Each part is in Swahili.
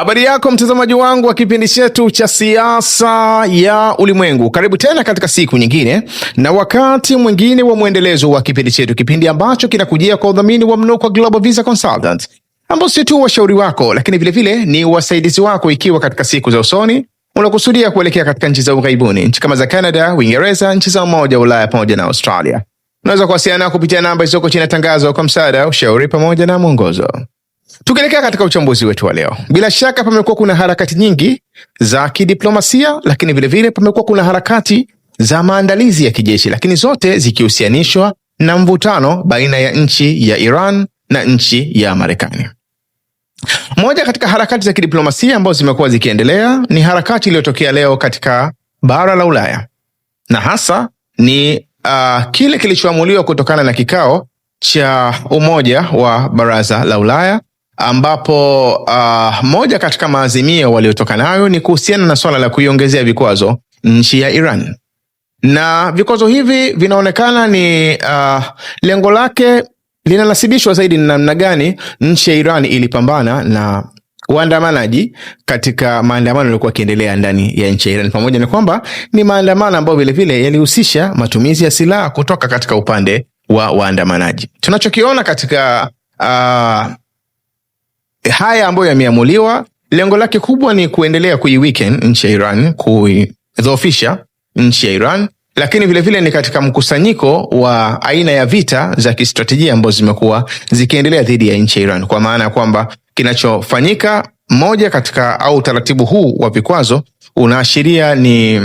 Habari yako mtazamaji wangu wa kipindi chetu cha siasa ya ulimwengu, karibu tena katika siku nyingine na wakati mwingine wa mwendelezo wa kipindi chetu, kipindi ambacho kinakujia kwa udhamini wa Mnukwa Global Visa Consultant, ambao sio tu washauri wako, lakini vilevile vile ni wasaidizi wako, ikiwa katika siku za usoni unakusudia kuelekea katika nchi za ughaibuni, nchi kama za Canada, Uingereza, nchi za Umoja wa Ulaya pamoja na Australia. Unaweza kuwasiliana kupitia namba izoko chini ya tangazo kwa msaada, ushauri pamoja na mwongozo. Tukielekea katika uchambuzi wetu wa leo, bila shaka pamekuwa kuna harakati nyingi za kidiplomasia, lakini vilevile pamekuwa kuna harakati za maandalizi ya kijeshi, lakini zote zikihusianishwa na mvutano baina ya nchi ya Iran na nchi ya Marekani. Moja katika harakati za kidiplomasia ambazo zimekuwa zikiendelea ni harakati iliyotokea leo katika bara la Ulaya na hasa ni uh, kile kilichoamuliwa kutokana na kikao cha umoja wa baraza la Ulaya ambapo uh, moja katika maazimio waliotoka nayo ni kuhusiana na swala la kuiongezea vikwazo nchi ya Iran, na vikwazo hivi vinaonekana ni uh, lengo lake linanasibishwa zaidi ni namna gani nchi ya Iran ilipambana na waandamanaji katika maandamano yaliokuwa yakiendelea ndani ya nchi ya Iran, pamoja na kwamba ni maandamano ambayo vilevile yalihusisha matumizi ya silaha kutoka katika upande wa waandamanaji. Tunachokiona katika uh, haya ambayo yameamuliwa, lengo lake kubwa ni kuendelea kuiweaken nchi ya Iran, kuidhoofisha nchi ya Iran, lakini vilevile vile ni katika mkusanyiko wa aina ya vita za kistratejia ambazo zimekuwa zikiendelea dhidi ya nchi ya Iran, kwa maana ya kwamba kinachofanyika moja katika au utaratibu huu wa vikwazo unaashiria ni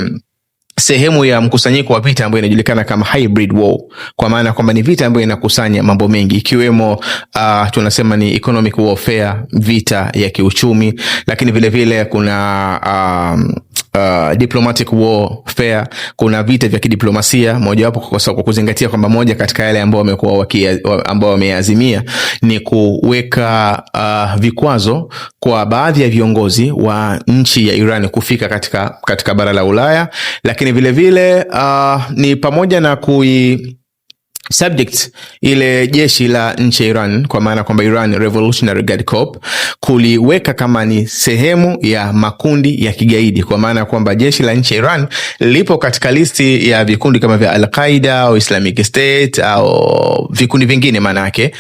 sehemu ya mkusanyiko wa vita ambayo inajulikana kama hybrid war, kwa maana kwamba ni vita ambayo inakusanya mambo mengi ikiwemo uh, tunasema ni economic warfare, vita ya kiuchumi, lakini vilevile vile kuna um, Uh, diplomatic warfare, kuna vita vya kidiplomasia mojawapo, kwa kuzingatia kwamba moja katika yale ambao wamekuwa ambao wameazimia ni kuweka uh, vikwazo kwa baadhi ya viongozi wa nchi ya Iran kufika katika, katika bara la Ulaya, lakini vilevile vile, uh, ni pamoja na kui Subject, ile jeshi la nchi ya Iran kwa maana kwamba Iran Revolutionary Guard Corps kuliweka kama ni sehemu ya makundi ya kigaidi, kwa maana kwamba jeshi la nchi ya Iran lipo katika listi ya vikundi kama vya Al-Qaeda au Islamic State au vikundi vingine maanake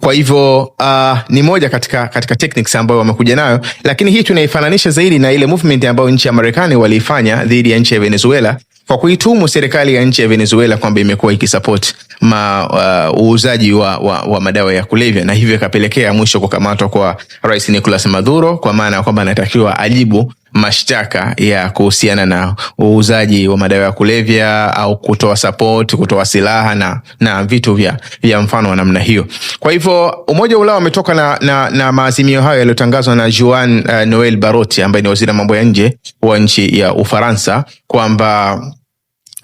kwa hivyo uh, ni moja katika, katika techniques ambayo wamekuja nayo, lakini hii tunaifananisha zaidi na ile movement ambayo nchi ya Marekani waliifanya dhidi ya nchi ya Venezuela kwa kuitumu serikali ya nchi ya Venezuela kwamba imekuwa ikisapoti ma uh, uuzaji uh, wa, wa, wa madawa ya kulevya na hivyo ikapelekea mwisho kukamatwa kwa Rais Nicolas Maduro, kwa maana ya kwamba anatakiwa ajibu mashtaka ya kuhusiana na uuzaji wa madawa ya kulevya au kutoa support, kutoa silaha na, na vitu vya, vya mfano wa namna hiyo. Kwa hivyo Umoja wa Ulaya umetoka na, na, na maazimio hayo yaliyotangazwa na Juan uh, Noel Barrot ambaye ni waziri wa mambo ya nje wa nchi ya Ufaransa kwamba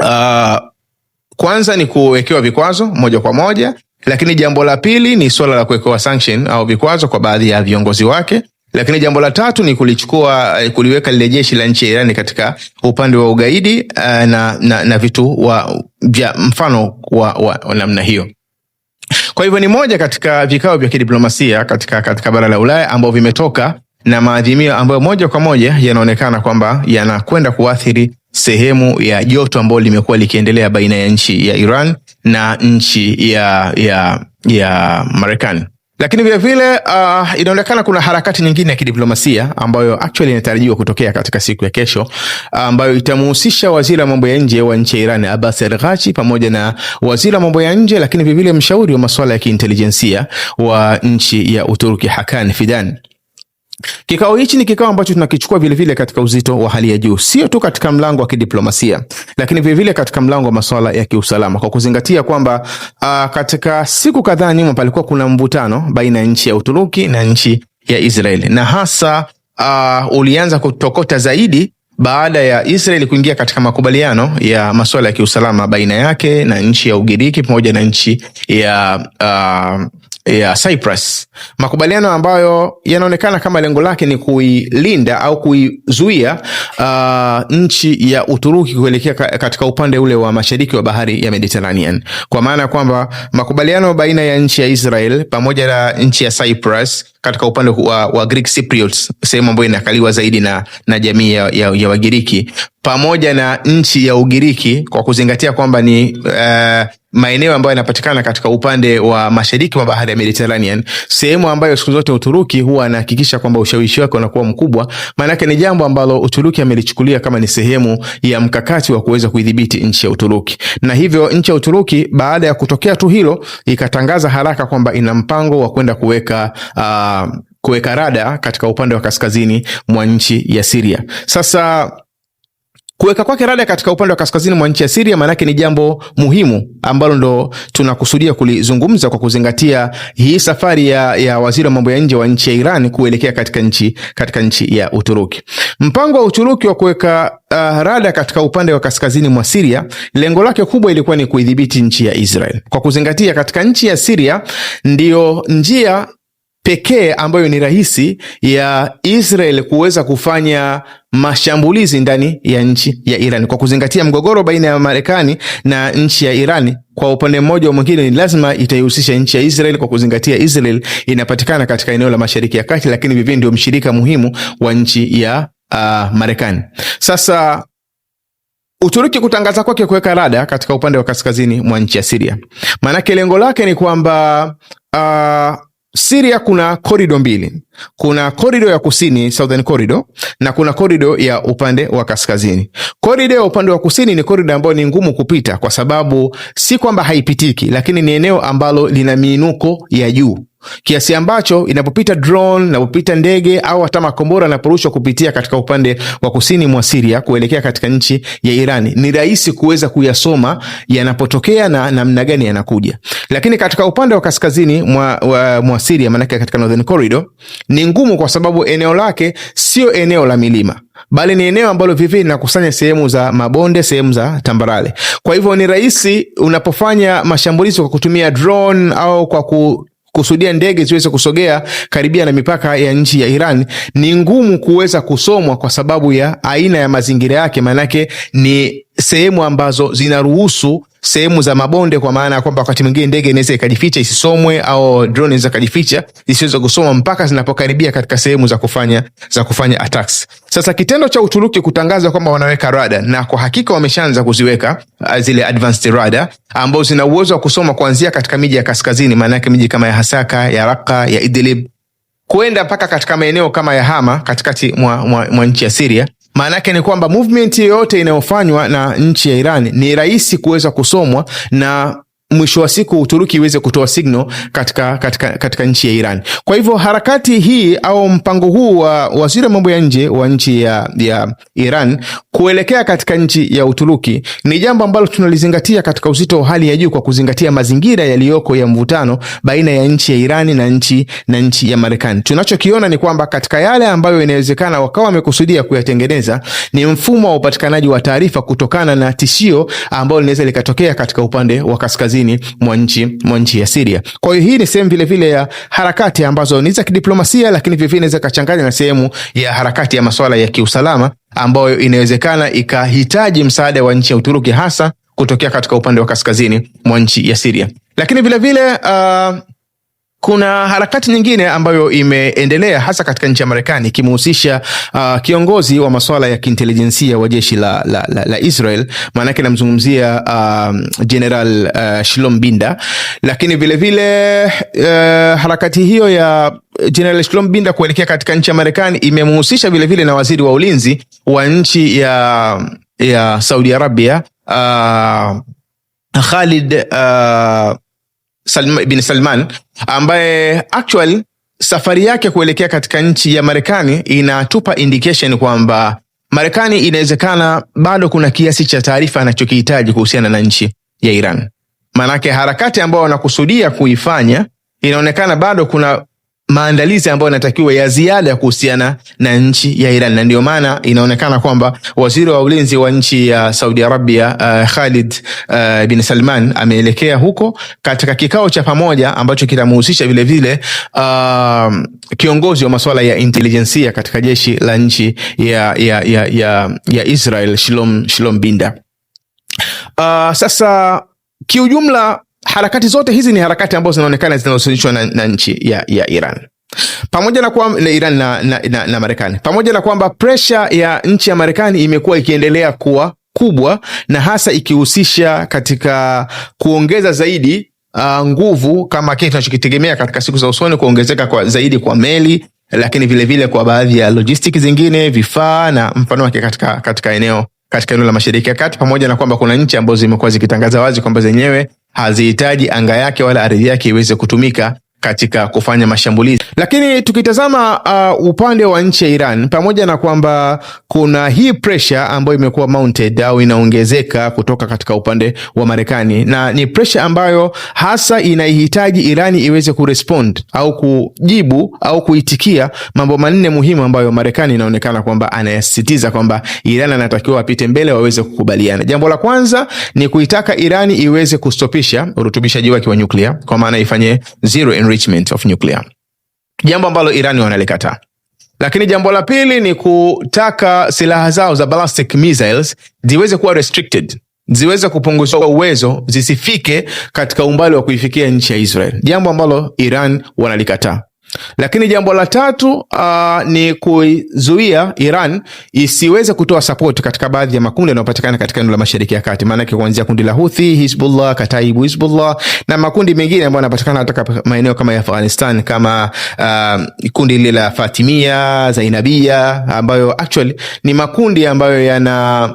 uh, kwanza ni kuwekewa vikwazo moja kwa moja, lakini jambo la pili ni suala la kuwekewa sanction au vikwazo kwa baadhi ya viongozi wake lakini jambo la tatu ni kulichukua eh, kuliweka lile jeshi la nchi ya Irani katika upande wa ugaidi eh, na, na, na vitu wa, vya mfano wa, wa, wa namna hiyo. Kwa hivyo ni moja katika vikao vya kidiplomasia katika, katika bara la Ulaya ambao vimetoka na maadhimio ambayo moja kwa moja yanaonekana kwamba yanakwenda kuathiri sehemu ya joto ambalo limekuwa likiendelea baina ya nchi ya Iran na nchi ya, ya, ya Marekani. Lakini vilevile uh, inaonekana kuna harakati nyingine ya kidiplomasia ambayo actually inatarajiwa kutokea katika siku ya kesho ambayo itamuhusisha waziri wa mambo ya nje wa nchi ya Iran Abbas Araghchi pamoja na waziri wa mambo ya nje lakini vilevile mshauri wa masuala ya kiintelijensia wa nchi ya Uturuki Hakan Fidan. Kikao hichi ni kikao ambacho tunakichukua vilevile katika uzito wa hali ya juu, sio tu katika mlango wa kidiplomasia, lakini vilevile katika mlango wa masuala ya kiusalama, kwa kuzingatia kwamba uh, katika siku kadhaa nyuma palikuwa kuna mvutano baina ya nchi ya Uturuki na nchi ya Israeli na hasa uh, ulianza kutokota zaidi baada ya Israeli kuingia katika makubaliano ya masuala ya kiusalama baina yake na nchi ya Ugiriki pamoja na nchi ya uh, ya Cyprus, makubaliano ambayo yanaonekana kama lengo lake ni kuilinda au kuizuia uh, nchi ya Uturuki kuelekea katika upande ule wa mashariki wa bahari ya Mediterranean, kwa maana ya kwamba makubaliano baina ya nchi ya Israel pamoja na nchi ya Cyprus katika upande wa, wa Greek Cypriots, sehemu ambayo inakaliwa zaidi na, na jamii ya, ya, ya Wagiriki pamoja na nchi ya Ugiriki kwa kuzingatia kwamba ni uh, maeneo ambayo yanapatikana katika upande wa mashariki mwa bahari ya Mediterranean, sehemu ambayo siku zote Uturuki huwa anahakikisha kwamba ushawishi wake unakuwa mkubwa. Maanake ni jambo ambalo Uturuki amelichukulia kama ni sehemu ya mkakati wa kuweza kuidhibiti nchi ya Uturuki, na hivyo nchi ya Uturuki baada ya kutokea tu hilo ikatangaza haraka kwamba ina mpango wa kwenda kuweka uh, kuweka rada katika upande wa kaskazini mwa nchi ya Syria. Sasa kuweka kwake rada katika upande wa kaskazini mwa nchi ya Syria maanake ni jambo muhimu ambalo ndo tunakusudia kulizungumza kwa kuzingatia hii safari ya, ya waziri wa mambo ya nje wa nchi ya Iran kuelekea katika nchi, katika nchi ya Uturuki. Mpango wa Uturuki wa kuweka uh, rada katika upande wa kaskazini mwa Syria, lengo lake kubwa ilikuwa ni kuidhibiti nchi ya Israel, kwa kuzingatia katika nchi ya Syria ndiyo njia pekee ambayo ni rahisi ya Israel kuweza kufanya mashambulizi ndani ya nchi ya Iran kwa kuzingatia mgogoro baina ya Marekani na nchi ya Iran. Kwa upande mmoja au mwingine, ni lazima itaihusisha nchi ya Israel kwa kuzingatia Israel inapatikana katika eneo la Mashariki ya Kati, lakini vivyo ndio mshirika muhimu wa nchi ya uh, Marekani. Sasa Uturuki kutangaza kwake kuweka rada katika upande wa kaskazini mwa nchi ya Siria, maanake lengo lake ni kwamba uh, siria kuna korido mbili, kuna korido ya kusini Southern Corridor na kuna korido ya upande wa kaskazini. Korido ya upande wa kusini ni korido ambayo ni ngumu kupita, kwa sababu si kwamba haipitiki, lakini ni eneo ambalo lina miinuko ya juu kiasi ambacho inapopita drone, inapopita ndege au hata makombora yanaporushwa kupitia katika upande wa kusini mwa Siria kuelekea katika nchi ya Irani, ni rahisi kuweza kuyasoma yanapotokea na namna gani yanakuja. Lakini katika upande wa kaskazini mwa, wa, mwa Siria, maanake katika Northern Corridor ni ngumu, kwa sababu eneo lake sio eneo la milima bali ni eneo ambalo vivi linakusanya sehemu za mabonde, sehemu za tambarale. Kwa hivyo ni rahisi unapofanya mashambulizi kwa kutumia drone au kwa ku kusudia ndege ziweze kusogea karibia na mipaka ya nchi ya Iran ni ngumu kuweza kusomwa kwa sababu ya aina ya mazingira yake, maanake ni sehemu ambazo zinaruhusu sehemu za mabonde, kwa maana ya kwamba wakati mwingine ndege inaweza ikajificha isisomwe, au drone inaweza kajificha isiweze kusoma mpaka zinapokaribia katika sehemu za kufanya, za kufanya attacks. Sasa kitendo cha Uturuki kutangaza kwamba wanaweka rada, na kwa hakika wameshaanza kuziweka uh, zile advanced radar ambazo zina uwezo wa kusoma kuanzia katika miji ya kaskazini, maana yake miji kama ya Hasaka, ya Raqqa, ya Idlib kwenda mpaka katika maeneo kama ya Hama katikati mwa, mwa, mwa nchi ya Syria maana yake ni kwamba movement yoyote inayofanywa na nchi ya Iran ni rahisi kuweza kusomwa na mwisho wa siku Uturuki iweze kutoa signal katika, katika, katika nchi ya Iran. Kwa hivyo harakati hii au mpango huu wa waziri wa mambo ya nje wa nchi ya, ya Iran kuelekea katika nchi ya Uturuki ni jambo ambalo tunalizingatia katika uzito wa hali ya juu kwa kuzingatia mazingira yaliyoko ya mvutano baina ya nchi ya Irani na nchi na nchi ya Marekani. Tunachokiona ni kwamba katika yale ambayo inawezekana wakawa wamekusudia kuyatengeneza ni mfumo wa upatikanaji wa taarifa kutokana na tishio ambalo linaweza likatokea katika upande wa kaskazini mwa nchi mwa nchi ya siria Kwa hiyo hii ni sehemu vile vile ya harakati ambazo ni za kidiplomasia, lakini vile inaweza kachanganya na sehemu ya harakati ya masuala ya kiusalama ambayo inawezekana ikahitaji msaada wa nchi ya Uturuki hasa kutokea katika upande wa kaskazini mwa nchi ya Siria. Lakini vilevile uh, kuna harakati nyingine ambayo imeendelea hasa katika nchi ya Marekani ikimhusisha uh, kiongozi wa masuala ya kiintelijensia wa jeshi la, la, la, la Israel, maanake namzungumzia uh, General uh, Shilom Binda, lakini vilevile uh, harakati hiyo ya General Shilom Binda kuelekea katika nchi ya Marekani imemhusisha vilevile na waziri wa ulinzi wa nchi ya, ya Saudi Arabia uh, Khalid uh, bin Salman ambaye actual safari yake kuelekea katika nchi ya Marekani inatupa indication kwamba Marekani inawezekana bado kuna kiasi cha taarifa anachokihitaji kuhusiana na nchi ya Iran. Maanake harakati ambayo wanakusudia kuifanya inaonekana bado kuna maandalizi ambayo yanatakiwa ya ziada kuhusiana na nchi ya Iran, na ndio maana inaonekana kwamba waziri wa ulinzi wa nchi ya Saudi Arabia uh, Khalid uh, bin Salman ameelekea huko katika kikao cha pamoja ambacho kitamhusisha vilevile uh, um, kiongozi wa masuala ya intelijensia katika jeshi la nchi ya, ya, ya, ya, ya Israel Shalom, Shalom Binda. Uh, sasa kiujumla harakati zote hizi ni harakati ambazo zinaonekana zinahusishwa na, na nchi ya, ya Iran pamoja na kwamba Iran na, na, na, na Marekani pamoja na kwamba presha ya nchi ya Marekani imekuwa ikiendelea kuwa kubwa na hasa ikihusisha katika kuongeza zaidi uh, nguvu kama kile tunachokitegemea katika siku za usoni, kuongezeka kwa zaidi kwa meli, lakini vilevile vile kwa baadhi ya lojistiki zingine, vifaa na mfano wake katika, katika eneo katika eneo la Mashariki ya Kati, pamoja na kwamba kuna nchi ambazo zimekuwa zikitangaza wazi kwamba zenyewe hazihitaji anga yake wala ardhi yake iweze kutumika katika kufanya mashambulizi. Lakini tukitazama uh, upande wa nchi ya Iran, pamoja na kwamba kuna hii pressure ambayo imekuwa mounted au inaongezeka kutoka katika upande wa Marekani, na ni pressure ambayo hasa inaihitaji Iran iweze kurespond au kujibu au kuitikia mambo manne muhimu ambayo Marekani inaonekana kwamba anayasisitiza kwamba Iran anatakiwa apite mbele waweze kukubaliana. Jambo la kwanza ni kuitaka iran iweze kustopisha urutubishaji wake wa nyuklia, kwa maana ifanye zero enrichment of nuclear, jambo ambalo Irani wanalikataa. Lakini jambo la pili ni kutaka silaha zao za ballistic missiles ziweze kuwa restricted ziweze kupunguzwa uwezo, zisifike katika umbali wa kuifikia nchi ya Israel, jambo ambalo Iran wanalikataa. Lakini jambo la tatu uh, ni kuzuia Iran isiweze kutoa sapoti katika baadhi ya makundi yanayopatikana katika eneo la Mashariki ya Kati, maanake kuanzia kundi la huthi Hizbullah, Kataibu Hizbullah na makundi mengine ambayo yanapatikana hata maeneo kama ya Afghanistan kama uh, kundi lile la Fatimia, Zainabia ambayo actually ni makundi ambayo yana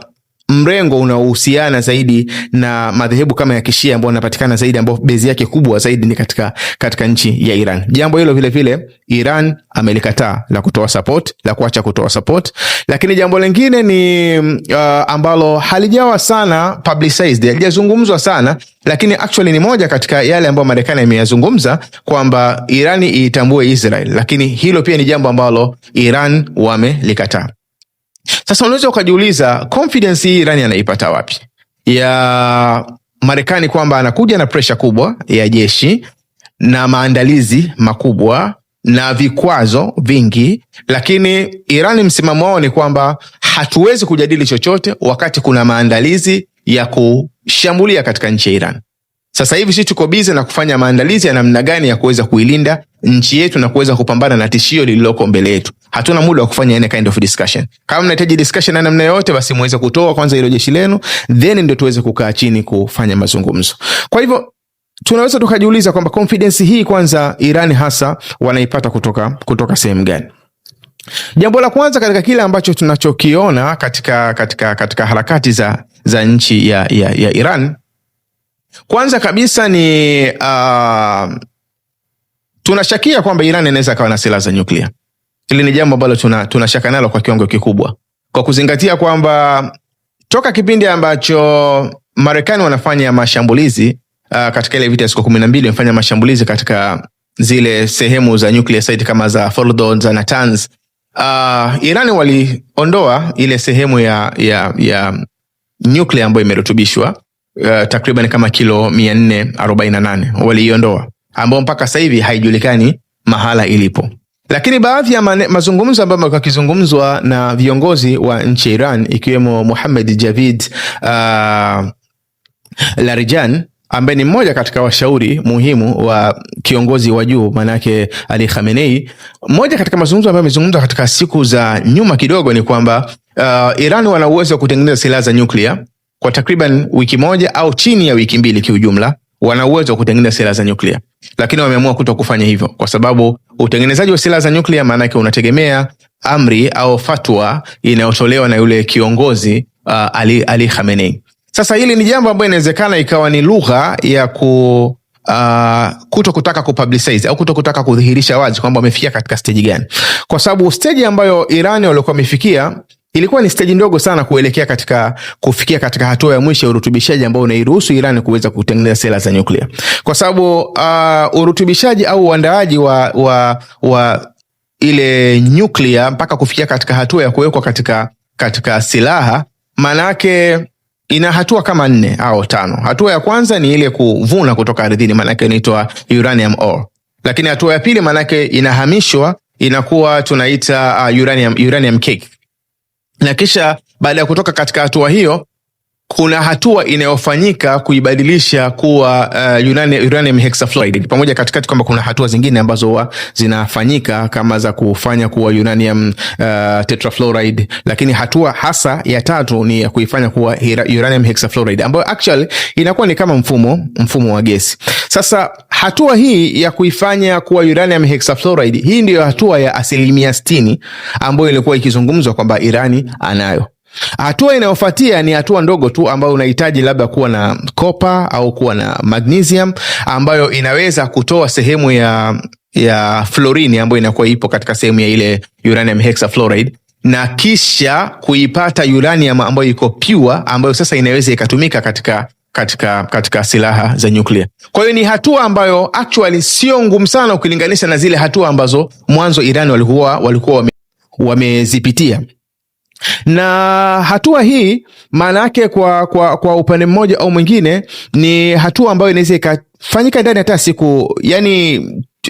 mrengo unaohusiana zaidi na madhehebu kama ya Kishia ambao anapatikana zaidi, ambao bezi yake kubwa zaidi ni katika, katika nchi ya Iran. Jambo hilo vilevile Iran amelikataa la kutoa support, la kuacha kutoa support. Lakini jambo lingine ni uh, ambalo halijawa sana publicized, halijazungumzwa sana lakini actually ni moja katika yale ambayo Marekani imeyazungumza kwamba iran itambue Israel, lakini hilo pia ni jambo ambalo Iran wamelikataa. Sasa unaweza ukajiuliza confidence hii Irani anaipata wapi ya Marekani kwamba anakuja na presha kubwa ya jeshi na maandalizi makubwa na vikwazo vingi, lakini Irani msimamo wao ni kwamba hatuwezi kujadili chochote wakati kuna maandalizi ya kushambulia katika nchi ya Iran. Sasa hivi sisi tuko bize na kufanya maandalizi ya namna gani ya kuweza kuilinda nchi yetu na kuweza kupambana na tishio lililoko mbele yetu. Hatuna muda wa kufanya any kind of discussion. Kama mnahitaji discussion na namna yoyote, basi muweze kutoa kwanza hilo jeshi lenu, then ndio tuweze kukaa chini kufanya mazungumzo. Kwa hivyo tunaweza tukajiuliza kwamba confidence hii kwanza Iran hasa wanaipata kutoka, kutoka sehemu gani? Jambo la kwanza katika kile ambacho tunachokiona katika, katika, katika harakati za, za nchi ya, ya, ya Iran kwanza kabisa ni uh, tunashakia kwamba Iran inaweza kawa na silaha za nyuklia. Hili ni jambo ambalo tuna, tunashaka nalo kwa kiwango kikubwa, kwa kuzingatia kwamba toka kipindi ambacho Marekani wanafanya mashambulizi uh, katika ile vita ya siku kumi na mbili wamefanya mashambulizi katika zile sehemu za nuclear site kama za fordon za natans Uh, iran waliondoa ile sehemu ya, ya, ya nuclear ambayo imerutubishwa uh, takriban kama kilo mia nne arobaini na nane waliiondoa ambayo mpaka sasa hivi haijulikani mahala ilipo. Lakini baadhi ya mazungumzo ambayo yakizungumzwa na viongozi wa nchi ya Iran ikiwemo Muhammad Javid uh, Larijan ambaye ni mmoja katika washauri muhimu wa kiongozi wa juu manake Ali Khamenei. Mmoja katika mazungumzo ambayo amezungumzwa katika siku za nyuma kidogo ni kwamba uh, Iran wana uwezo wa kutengeneza silaha za nyuklia kwa takriban wiki moja au chini ya wiki mbili, kiujumla wana uwezo wa kutengeneza silaha za nyuklia lakini wameamua kuto kufanya hivyo kwa sababu utengenezaji wa silaha za nyuklia maana yake unategemea amri au fatwa inayotolewa na yule kiongozi uh, Ali, Ali Khamenei. Sasa hili ni jambo ambalo inawezekana ikawa ni lugha ya ku Uh, kuto kutaka kupublicize au kuto kutaka kudhihirisha wazi kwamba wamefikia katika steji gani, kwa sababu steji ambayo iran waliokuwa wamefikia Ilikuwa ni steji ndogo sana kuelekea katika kufikia katika hatua ya mwisho ya urutubishaji ambao unairuhusu Iran kuweza kutengeneza sera za nyuklia, kwa sababu uh, urutubishaji au uandaaji wa, wa, wa ile nyuklia mpaka kufikia katika hatua ya kuwekwa katika, katika silaha maanake ina hatua kama nne au tano. Hatua ya kwanza ni ile kuvuna kutoka ardhini, maanake inaitwa uranium ore. Lakini hatua ya pili maanake inahamishwa, inakuwa tunaita uh, uranium, uranium cake na kisha baada ya kutoka katika hatua hiyo kuna hatua inayofanyika kuibadilisha kuwa uh, uranium hexafluoride pamoja katikati kwamba kuna hatua zingine ambazo zinafanyika kama za kufanya kuwa uranium uh, tetrafluoride, lakini hatua hasa ya tatu ni ya kuifanya kuwa uranium hexafluoride ambayo actually inakuwa ni kama mfumo mfumo wa gesi. Sasa hatua hii ya kuifanya kuwa uranium hexafluoride, hii ndiyo hatua ya asilimia 60 ambayo ilikuwa ikizungumzwa kwamba Irani anayo Hatua inayofuatia ni hatua ndogo tu ambayo unahitaji labda kuwa na kopa au kuwa na magnesium ambayo inaweza kutoa sehemu ya ya florini ambayo inakuwa ipo katika sehemu ya ile uranium hexafluoride na kisha kuipata uranium ambayo iko pure ambayo sasa inaweza ikatumika katika katika katika silaha za nyuklia. Kwa hiyo ni hatua ambayo actually sio ngumu sana ukilinganisha na zile hatua ambazo mwanzo Iran walikuwa walikuwa wame, wamezipitia na hatua hii maana yake kwa, kwa, kwa upande mmoja au mwingine ni hatua ambayo inaweza ikafanyika ndani hata siku yani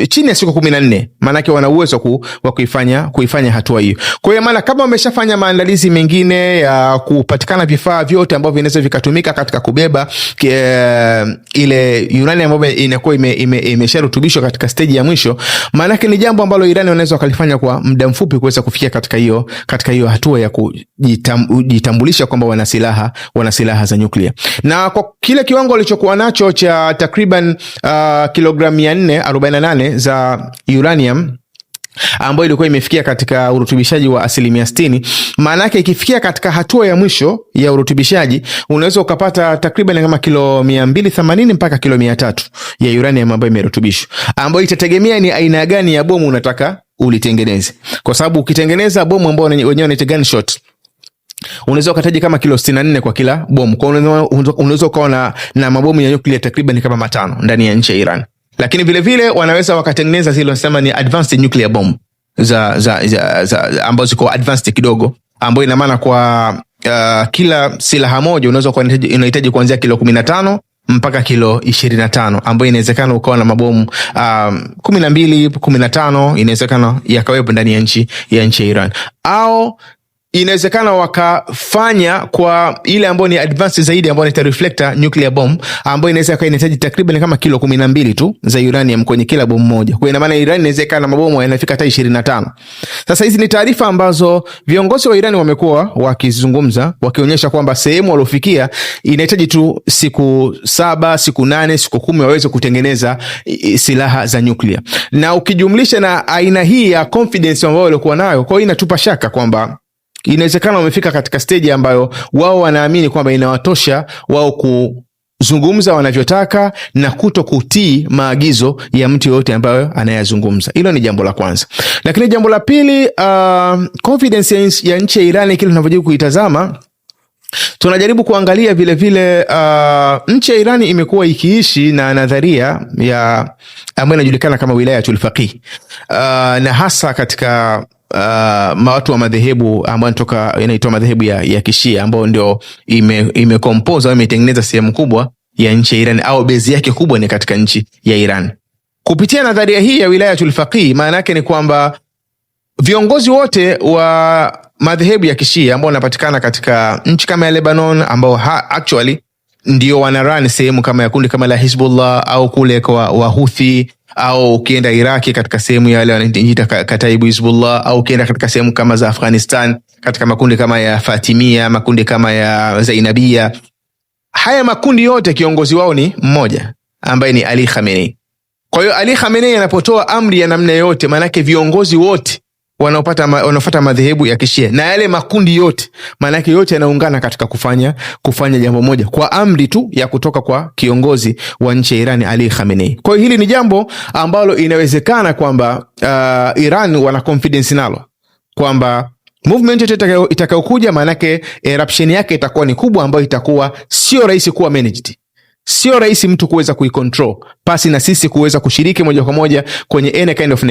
chini ya siku kumi na nne maanake wana uwezo ku, wa kuifanya, kuifanya hatua hiyo. Kwa hiyo maana kama wameshafanya maandalizi mengine ya kupatikana vifaa vyote ambavyo vinaweza vikatumika katika kubeba e, ile urani ambayo inakuwa imesharutubishwa ime, ime katika steji ya mwisho, maanake ni jambo ambalo Irani wanaweza wakalifanya kwa muda mfupi kuweza kufikia katika hiyo katika hiyo hatua ya kujitambulisha kwamba wana silaha wana silaha za nyuklia, na kwa kile kiwango walichokuwa nacho cha takriban uh, kilogramu mia nne arobaini na nane nane za uranium ambayo ilikuwa imefikia katika urutubishaji wa asilimia sitini. Maana yake ikifikia katika hatua ya mwisho ya urutubishaji unaweza ukapata takriban kama kilo mia mbili themanini mpaka kilo mia tatu ya uranium ambayo imerutubishwa, ambayo itategemea ni aina gani ya bomu unataka ulitengeneze, kwa sababu ukitengeneza bomu ambao wenyewe unaita gunshot unaweza ukataja kama kilo 64 kwa kila bomu. Kwa unaweza ukawa na, na mabomu ya nyuklia takriban kama matano ndani ya nchi ya Iran lakini vilevile wanaweza wakatengeneza zile wanasema ni advanced nuclear bomb za, za, za, za ambazo ziko advanced kidogo, ambayo ina maana kwa uh, kila silaha moja unaweza kuwa inahitaji kuanzia kilo kumi na tano mpaka kilo ishirini na tano ambayo inawezekana ukawa na mabomu um, kumi na mbili kumi na tano inawezekana yakawepo ndani ya nchi ya nchi ya Iran au inawezekana wakafanya kwa ile ambayo ni advance zaidi ambayo ni reflector nuclear bomb ambayo inaweza ikawa inahitaji takriban kama kilo 12 tu za uranium kwenye kila bomu moja. Kwa ina maana Iran inaweza ikawa na mabomu yanafika hata 25. Sasa hizi ni taarifa ambazo viongozi wa Iran wamekuwa wakizungumza wakionyesha kwamba sehemu waliofikia inahitaji tu siku saba, siku nane, siku kumi waweze kutengeneza silaha za nuclear. Na ukijumlisha na aina hii ya confidence ambayo walikuwa nayo, kwa hiyo inatupa shaka kwamba inawezekana wamefika katika steji ambayo wao wanaamini kwamba inawatosha wao ku zungumza wanavyotaka na kuto kutii maagizo ya mtu yoyote ambayo anayazungumza. Hilo ni jambo la kwanza, lakini jambo la pili, uh, confidence ya nchi ya Irani kile tunavyojaribu kuitazama, tunajaribu kuangalia vilevile uh, nchi ya Irani imekuwa ikiishi na nadharia ya ambayo inajulikana kama wilaya faqih uh, na hasa katika uh, watu wa madhehebu ambayo inatoka inaitwa madhehebu ya, ya Kishia ambayo ndio imekompoza ime au imetengeneza sehemu kubwa ya nchi ya Iran au bezi yake kubwa ni katika nchi ya Iran. Kupitia nadharia hii ya wilaya faqih, maana yake ni kwamba viongozi wote wa madhehebu ya Kishia ambao wanapatikana katika nchi kama ya Lebanon ambao actually ndio wanarani sehemu kama ya kundi kama la Hizbullah au kule kwa Wahuthi au ukienda Iraki katika sehemu ya wale Kataibu Hizbullah, au ukienda katika sehemu kama za Afghanistan katika makundi kama ya Fatimia, makundi kama ya Zainabia. Haya makundi yote kiongozi wao ni mmoja ambaye ni Ali Khamenei. Kwa hiyo Ali Khamenei anapotoa amri ya namna yote, maanake viongozi wote wanaopata ma, madhehebu ya kishia na yale makundi yote, maana yote yanaungana katika kufanya kufanya jambo moja kwa amri tu ya kutoka kwa kiongozi wa nchi ya Iran Ali Khamenei. Kwa hiyo hili ni jambo ambalo inawezekana kwamba uh, Iran wana confidence nalo kwamba movement yote itakayokuja, maanake eruption yake itakuwa ni kubwa, ambayo itakuwa sio rahisi kuwa managed. Sio rahisi mtu kuweza kuikontrol pasi na sisi kuweza kushiriki moja kwa moja kwenye any kind of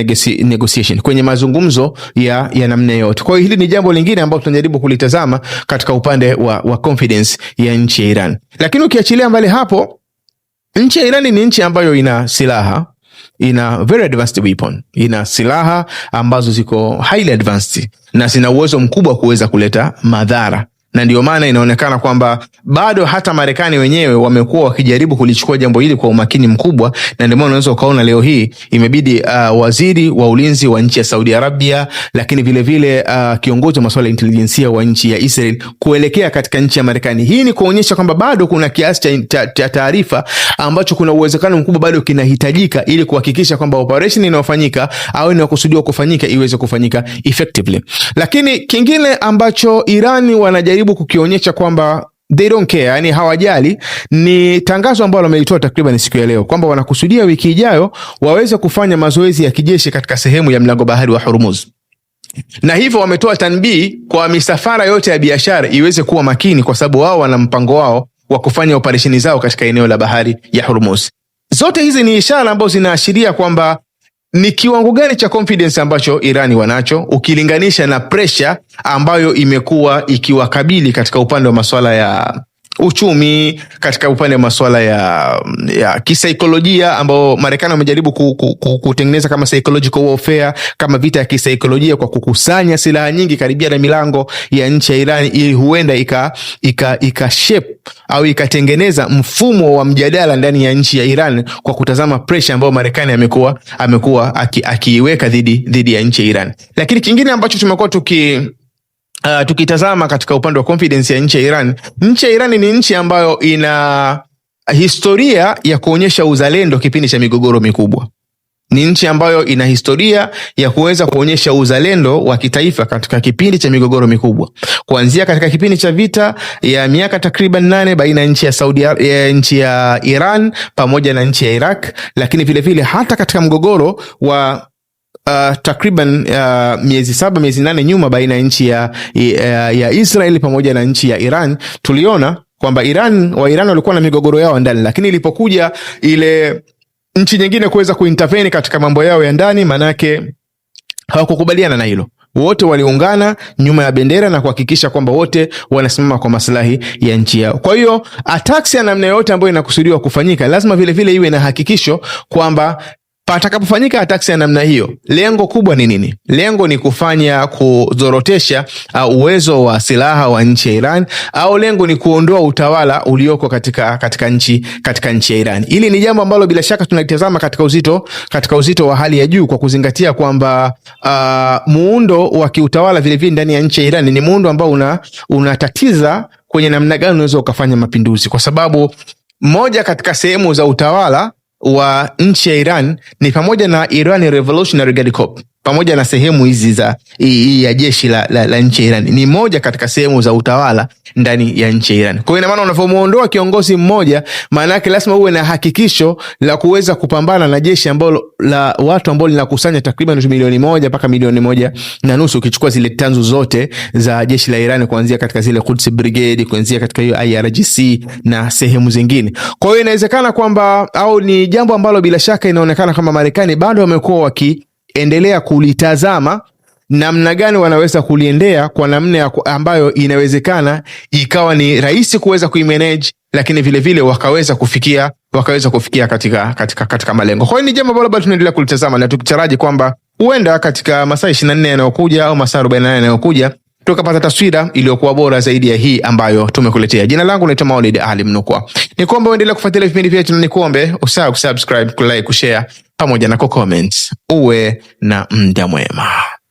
negotiation, kwenye mazungumzo ya, ya namna yote. Kwa hiyo hili ni jambo lingine ambalo tunajaribu kulitazama katika upande wa, wa confidence ya nchi ya Iran, lakini ukiachilia mbali hapo, nchi ya Iran ni nchi ambayo ina silaha ina very advanced weapon, ina silaha ambazo ziko highly advanced na zina uwezo mkubwa wa kuweza kuleta madhara na ndiyo maana inaonekana kwamba bado hata Marekani wenyewe wamekuwa wakijaribu kulichukua jambo hili kwa umakini mkubwa, na ndio maana unaweza ukaona leo hii imebidi uh, waziri wa ulinzi wa nchi ya Saudi Arabia, lakini vilevile uh, kiongozi wa masuala ya intelijensia wa nchi ya Israel kuelekea katika nchi ya Marekani. Hii ni kuonyesha kwamba bado kuna kiasi cha ta, taarifa ambacho kuna uwezekano mkubwa bado kinahitajika ili kuhakikisha kwamba operation inayofanyika au inayokusudiwa kufanyika iweze kufanyika effectively. Lakini kingine ambacho Irani wanajaribu wanajaribu kukionyesha kwamba they don't care, yani hawajali. Ni tangazo ambalo wamelitoa takriban siku ya leo kwamba wanakusudia wiki ijayo waweze kufanya mazoezi ya kijeshi katika sehemu ya mlango bahari wa Hormuz na hivyo wametoa tanbii kwa misafara yote ya biashara iweze kuwa makini, kwa sababu wao wana mpango wao wa kufanya operesheni zao katika eneo la bahari ya Hormuz. Zote hizi ni ishara ambazo zinaashiria kwamba ni kiwango gani cha confidence ambacho Irani wanacho ukilinganisha na pressure ambayo imekuwa ikiwakabili katika upande wa masuala ya uchumi katika upande wa masuala ya, ya kisaikolojia ambao Marekani wamejaribu kutengeneza kama psychological warfare, kama vita ya kisaikolojia kwa kukusanya silaha nyingi karibia na milango ya nchi ya Irani, ili huenda ika, ika, ika shape au ikatengeneza mfumo wa mjadala ndani ya nchi ya Iran kwa kutazama pressure ambayo Marekani amekuwa amekuwa akiiweka aki dhidi dhidi ya nchi ya Iran. Lakini kingine ambacho tumekuwa tuki uh, tukitazama katika upande wa confidence ya nchi ya Iran, nchi ya Iran ni nchi ambayo ina historia ya kuonyesha uzalendo kipindi cha migogoro mikubwa ni nchi ambayo ina historia ya kuweza kuonyesha uzalendo wa kitaifa katika kipindi cha migogoro mikubwa, kuanzia katika kipindi cha vita ya miaka takriban nane baina ya nchi ya Saudi, ya nchi ya Iran pamoja na nchi ya Iraq, lakini vilevile hata katika mgogoro wa uh, takriban uh, miezi saba miezi nane nyuma baina ya nchi ya, uh, ya, ya Israeli pamoja na nchi ya Iran tuliona kwamba Iran wa Iran walikuwa na migogoro yao ndani, lakini ilipokuja ile nchi nyingine kuweza kuintervene katika mambo yao ya ndani, maanake hawakukubaliana na hilo wote waliungana nyuma ya bendera na kuhakikisha kwamba wote wanasimama kwa maslahi ya nchi yao. Kwa hiyo ataksi ya namna yoyote ambayo inakusudiwa kufanyika lazima vilevile vile iwe na hakikisho kwamba Patakapofanyika ataksi ya namna hiyo, lengo kubwa ni nini? Lengo ni kufanya kuzorotesha uh, uwezo wa silaha wa nchi ya Iran, au lengo ni kuondoa utawala ulioko katika, katika, nchi, katika nchi ya Iran. Hili ni jambo ambalo bila shaka tunalitazama katika uzito, katika uzito wa hali ya juu kwa kuzingatia kwamba uh, muundo wa kiutawala vilevile ndani ya nchi ya Iran ni muundo ambao una, unatatiza kwenye namna gani unaweza ukafanya mapinduzi, kwa sababu moja katika sehemu za utawala wa nchi ya Iran ni pamoja na Iran Revolutionary Guard Corps pamoja na sehemu hizi za hii ya jeshi la, la, la nchi ya Iran ni moja katika sehemu za utawala ndani ya nchi ya Iran. Kwa hiyo ina maana unavyomuondoa kiongozi mmoja, maana yake lazima uwe na hakikisho la kuweza kupambana na jeshi ambalo la watu ambao linakusanya takriban milioni moja mpaka milioni moja na nusu, ukichukua zile tanzu zote za jeshi la Iran kuanzia katika zile Quds Brigade, kuanzia katika hiyo IRGC na sehemu zingine. Kwa hiyo inawezekana kwamba au ni jambo ambalo bila shaka inaonekana kama Marekani bado wamekuwa waki endelea kulitazama namna gani wanaweza kuliendea kwa namna ambayo inawezekana ikawa ni rahisi kuweza kuimanage, lakini vilevile wakaweza kufikia wakaweza kufikia katika, katika, katika malengo. Kwa hiyo ni jambo ambalo bado tunaendelea kulitazama na tukitaraji kwamba huenda katika masaa 24 yanayokuja au masaa 48 yanayokuja tukapata taswira iliyokuwa bora zaidi ya hii ambayo tumekuletea. Jina langu naitwa Maulid Ali Mnukwa, ni kuombe kufuatilia vipindi vyetu na nikuombe usahau kusubscribe, kulike, kushare pamoja na kucomment. Uwe na mda mwema.